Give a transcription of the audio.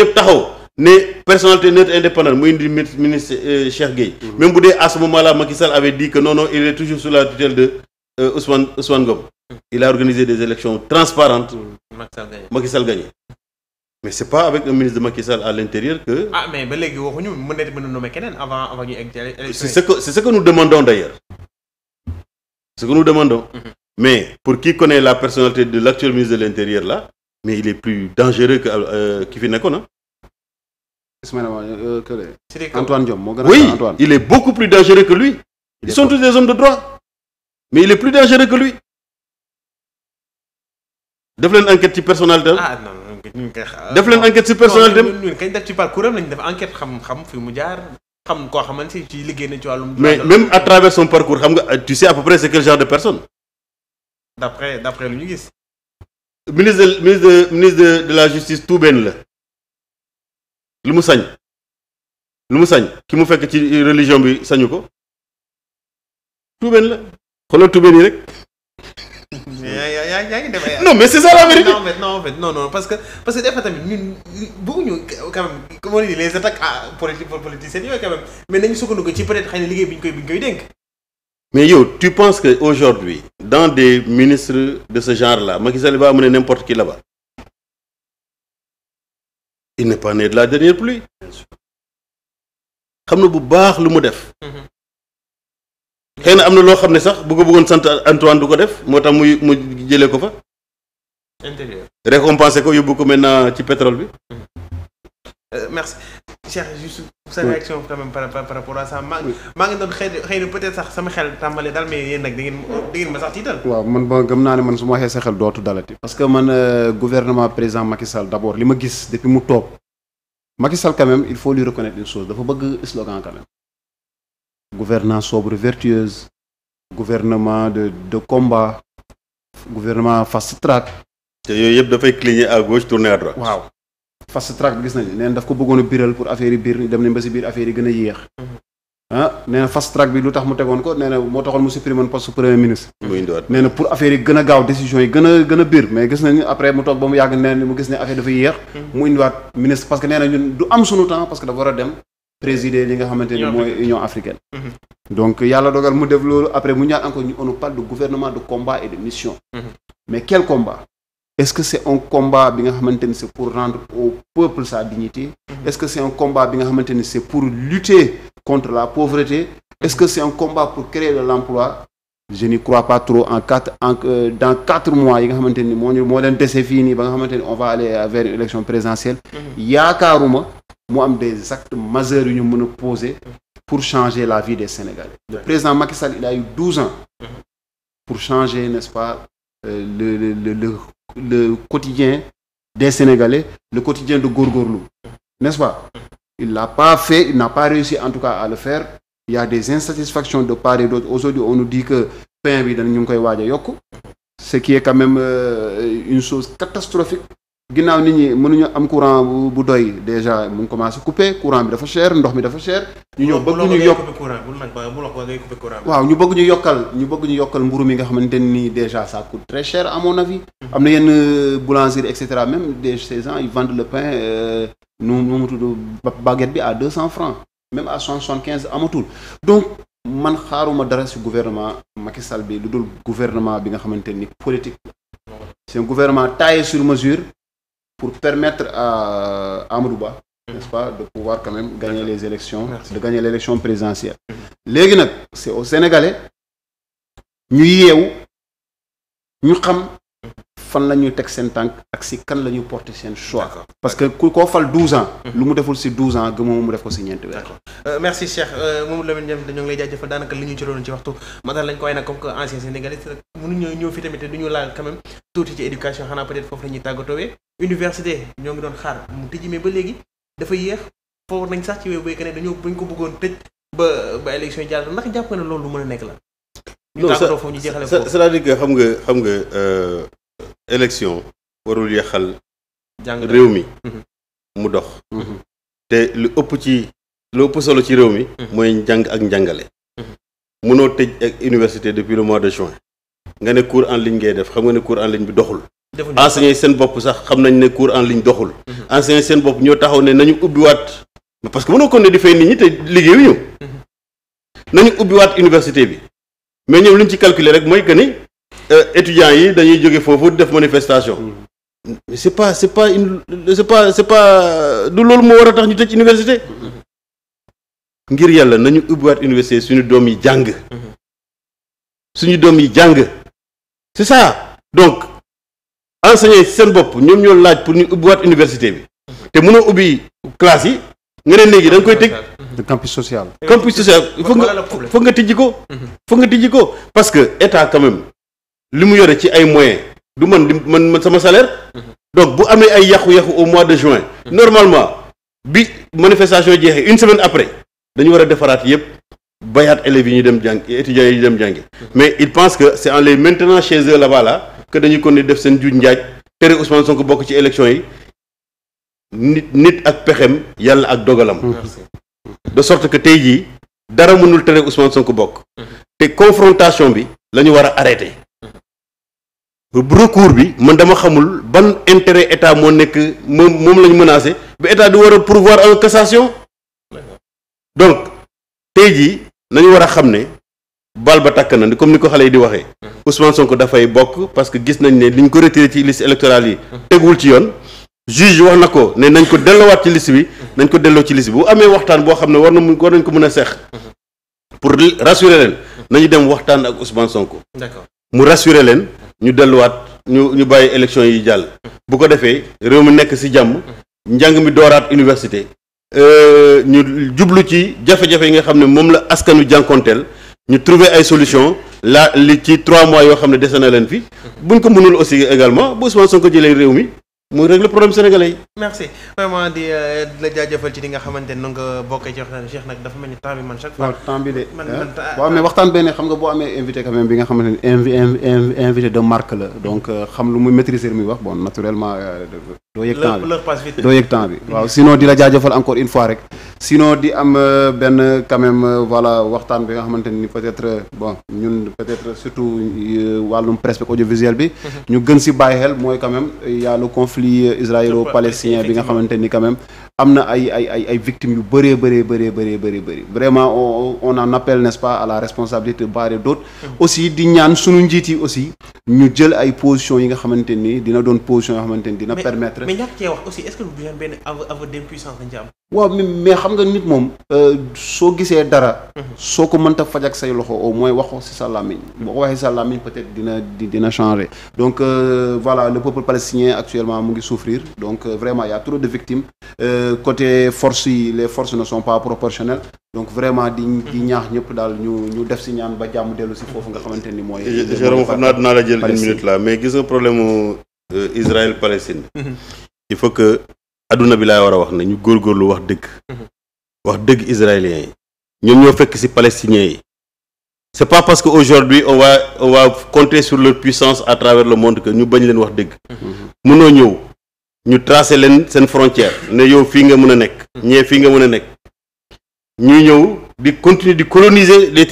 yëpp taxaw ne personnalité neutre indépendante muy indi ministre euh, Cheikh Gueye. Mm-hmm. même bu dee à ce moment là Macky Sall avait dit que non non il est toujours sous la tutelle de euh, Ousmane Ousmane Ngom. Mm-hmm. il a organisé des élections transparentes. Mm-hmm. Macky Sall gagné Macky Sall gagné. mais c'est pas avec un ministre de Macky à l'intérieur que. Ah, mais ba léegi waxuñu mën na mën keneen avant avant ñuy egg c'est ce que c'est ce que nous demandons d'ailleurs ce que nous demandons. mais pour qui connaît la personnalité de l'actuel ministre de l'intérieur là. mais il est plus dangereux que ki fi nekkoon ah. Antoine Diome moo gën a. oui Antoine. il est beaucoup plus dangereux que lui. ils sont tous des hommes de droit mais il est plus dangereux que lui. def leen enquête ci personnalité ah non non def leen enquête ci personnalité am ñun kañ def xamante ci liggéey na ci wàllum. mais même à travers son parcours xam nga tu sais à peu près c'est quel genre de personne. d'après d'après lu ñu gis. ministre de ministre de ministre de la justice tuubeen la lu mu sañ lu mu sañ ki mu fekk ci religion bi sañu ko tuubeen la xoolal tuubeen yi rek. yaa yaa ngi mais c'est ça la vérité non mais non en parce que parce que des fois tamit ñun bëgguñu quand même comment on ci peut-être xëy na liggéey bi ñu koy bi mais yow tu penses que aujourd'hui dans des ministres de ce genre la Macky Sall va amener n'importe qui là-bas il n'est pas né la dernière plus xam na bu baax lu mu def mhm. xëy na am na loo xam ne sax bu ko bëggoon sant Antoine du ko def moo tax muy mu jëlee ko fa récompenser ko yóbbu ko maintenant ci pétrole bi mhm. Euh, merci Cheikh juste sa réaction par, par, par rapport maa maa ngi doon xëy xëy na peut sax sama xel tàmbalee da ngeen da ngeen waaw man ba gëm naa ne man su ma waxee sa xel dootu dalati parce que man euh, gouvernement président Macky Sall d'abord li ma gis depuis mu toog Macky Sall il faut lui reconnaître une chose dafa bëgg slogan quand même sobre vertueuse gouvernement de de combat gouvernement fast track te yooyu yëpp dafay cligner à gauche tourner à waaw fast track bi gis nañu nee daf ko bëggoon biral pour affaire yi biir dem nañ ba si yi gën a yéex. Mhm. ah nee track bi lu tax mu tegoon ko nee moo taxoon mu supprimer poste premier mhm. ministre. parce que nee du am sunu temps parce que dafa war a dem. présider li nga xamante ni mooy Union africaine. Mhm. donc yàlla dogal mu def loolu après mu ñaan encore ñu on parle de gouvernement de combat et de mission. mais quel combat. est-ce que c'est un combat bi nga xamante ni c'est pour rendre au peuple sa dignité mhm. est-ce que c'est un combat bi nga xamante c'est pour lutter contre la pauvreté est-ce que c'est un combat pour créer de l'emploi je n'y crois pas trop en quatre en euh, quatre mois yi nga xamante ni moo ñu moo leen dese fii nii ba nga xamante on va aller une élection présidentielle mhm. yaakaaruma mu am des actes majeurs yu ñu mën a mhm. pour changer la vie des Sénégalais le a Euh, le le le le quotidien des Sénégalais le quotidien de góorgóorlu n'est-ce pas il l'a pas fait il n'a pas réussi en tout cas à le faire il y des insatisfactions de part et d'autre aujourd'hui on nous dit que pain bi dañ ngi koy waaj a yokk ce qui est quand même euh, une chose catastrophique ginnaaw nit ñi mënuñu am courant bu doy déjà mu ngi commencé coupé courant bi dafa cher ndox mi dafa cher. ñu ñëw bëgg ñu yokk waaw ñu bëgg ñu yokkal ñu bëgg ñu yokkal mburu mi nga xamante ni déjà ça coûte très cher à mon avis. Hmm. am na yenn euh, boulangerie et cetera même des ces gens ils le pain euh, nu nu mu tudd baguette bi à deux cents francs même à cent soixante-quinze amatul donc. man xaaruma dara ci gouvernement Macky Sall bi lu dul gouvernement bi nga xamante ni politique c'est un gouvernement taillé sur mesure pour permettre à Amadou Ba mm-hmm. n'est-ce pas de pouvoir quand même les élections Merci. de gagner l'élection présidentielle mm-hmm. léegi nag c'est au Sénégalais ñu yeewu ñu xam fan la ñuy teg seen tànk ak si kan la ñuy porter seen choix parce que ku koo fal douze ans mm-hmm. lu mu deful si douze ans gëmoo mu def ko si ñeenti weer Euh, merci Cheikh euh, moom Lamine Ndiaye dañoo ngi lay jaajëfal daanaka li ñu ci doon ci waxtu matal lañ ko waaye nag comme que ancien sénégalais mënuñu ñëw fi tamit te duñu laal quand même tuuti ci éducation xanaa peut-être foofu la ñuy tàggatoowee université ñoo ngi doon xaar mu tijji mais ba léegi dafa yéex foofu nañ sax ci wéy béykat ne dañoo buñ ko bëggoon tëj ba ba élection jàll ndax jàpp nga ne loolu lu mën nekk la. ñu tàggatoo ñu jeexale foofu c'est-à-dire que xam nga xam nga euh, élection warul yéexal. jàng réew mi mhm. mu dox. Mhm. te lu ëpp ci loo ëpp solo ci réew mi. Mhm. mooy njàng ak njàngale. Mhm. mënoo tëj ak e- université depuis le mois de juin. nga ne cours en ligne ngay def xam nga ne cours en ligne bi doxul. enseignants yi seen bopp sax xam nañ ne cours en ligne doxul. Mhm. enseignants yi seen bopp ñoo taxaw ne nañu ubbiwaat parce que mënoo kon ne di fay nit ñi te liggéeyuñu. nañu ubbiwaat université bi mais ñoom li ñu ci calculer rek mooy que ni euh, étudiants yi dañuy jóge foofu def manifestation. mais c'est pas c'est pas une loolu moo war tax ñu tëj ngir yàlla nañu ubbiwaat université suñu doom yi jàng. suñu doom yi jàng ci ça donc enseignants yi seen bopp ñoom ñoo laaj pour ñu ubbiwaat université bi te mënoo ubbi classe yi nga ne léegi da koy tëj. campus social. campus social foog nga foog nga tijji ko. Mhm. foog nga tijji ko parce que état quand li mu yore ci ay moyen du man di man man sama salaire. Mhm. donc bu amee ay yàqu-yàqu au mois de juin. Mhm. normalement bi manifestation jeexee une semaine après. dañu war defaraat yëpp bayaat élèves yi ñu dem jàng étudiants yi ñu dem jàngi mais ils pense que c'est en les maintenant chez eux là-bas là que dañuy kon def seen juuj njaaj tere Ousmane Sonko bokk ci élection yi nit nit ak pexem yàlla ak dogalam de sorte que tey jii dara mënul tere Ousmane Sonko bokk te confrontation bi lañu ñu war a arrêté recours bi man dama xamul ban intérêt état moo nekk moom moom lañu ñu menacé ba état di war a pourvoir en cassation donc tey jii nañu war a xam ne bal ba takk na comme ni ko xale yi di waxee. Hmm. Ousmane Sonko dafay bokk parce que gis nañ ne li ñu ko retiré ci liste électorale yi. Hmm. teguwul ci yoon. juge wax na ko ne nañ ko delloowaat ci liste bi. Hmm. nañ ko delloo ci liste bi bu amee waxtaan boo xam ne war na mu war nañ ko mën a seex. pour rassurer leen. nañu dem waxtaan ak Ousmane Sonko. d'accord mu rassurer leen. ñu delluwaat ñu ñu bàyyi élection yi jàll. bu ko defee réew mi nekk ci jàmm. njàng mi dooraat université. Euh, ñu jublu ci jafe-jafe yi nga xam ne moom la askanu jànkonteel ñu trouver ay solution la li ci trois mois yoo xam ne dese na leen fi buñ ko mënul aussi également bu soo ko jëlee réew mi muy régler problème sénégalais yi. merci vraiment di euh, la jaajëfal ci li nga xamante ne nga bokkee ci waxtaan bi Cheikh dafa mel ni temps bi man temps bi de man man ah, boo amee ah. waxtaan benn xam nga boo amee invité quand même bi nga xamante ne invité de marque la donc euh, xam lu muy maîtriser muy wax bon naturellement. doo yëg temps bi doo bi waaw sinon di la jaajëfal encore une fois rek sinon di am euh, benn quand même euh, voilà waxtaan bi nga xamante ni peut-être euh, bon ñun peut-être surtout wàllum presse audiovisuel bi mhm. ñu gën si bàyyi xel mooy quand même y a le conflit israélo-palestinien bi nga xamante ni quand même am na ay ay ay ay victimes yu bëree bëree bëree bëree bëri bëri vraiment on on en appelle n'est-ce à la responsabilité de part et d'autre mm-hmm. aussi di ñaan suñu njiit yi aussi ñu jël ay positions yi nga xamante ni dina doon position yoo xamante ni dina permettre mais ñàkk cee wax aussi est-ce que lu benn aveu d'impuissance dañ ci am waaw mais xam nga nit moom euh, soo gisee dara soo ko mënta faj ak say loxo au moins wax ko ci sa làmmiñ boo ko waxee sa peut-être dina dina changer donc euh, voilà le peuple palestinien actuellement mu ngi souffrir donc euh, vraiment y a trop de victimes euh, côté force yi les forces ne sont pas proportionnelles donc vraiment di ñaax ñëpp daal ñu ñu def ci ñaan ba jàmm dellu ci foofu nga xamante ni mooy Jérôme xam naa dinaa la jël une minute là mais gis nga problème euh, Israël Palestine mhm. il faut adduna bi laay war a wax na ñu góor góorgóorlu wax dëgg mhm. wax dëgg israéliens yi ñoom ñoo fekk ci palestiniens yi c'est pas parce que aujourd'hui on va on va compter sur leur puissance à travers le monde que ñu bañ leen wax dëgg mhm. mënoo ñëw ñu tracer leen seen frontière ne yow fii nga mën a nekk mhm. ñee fii nga mën a nekk ñuy ñëw di continuer di coloniser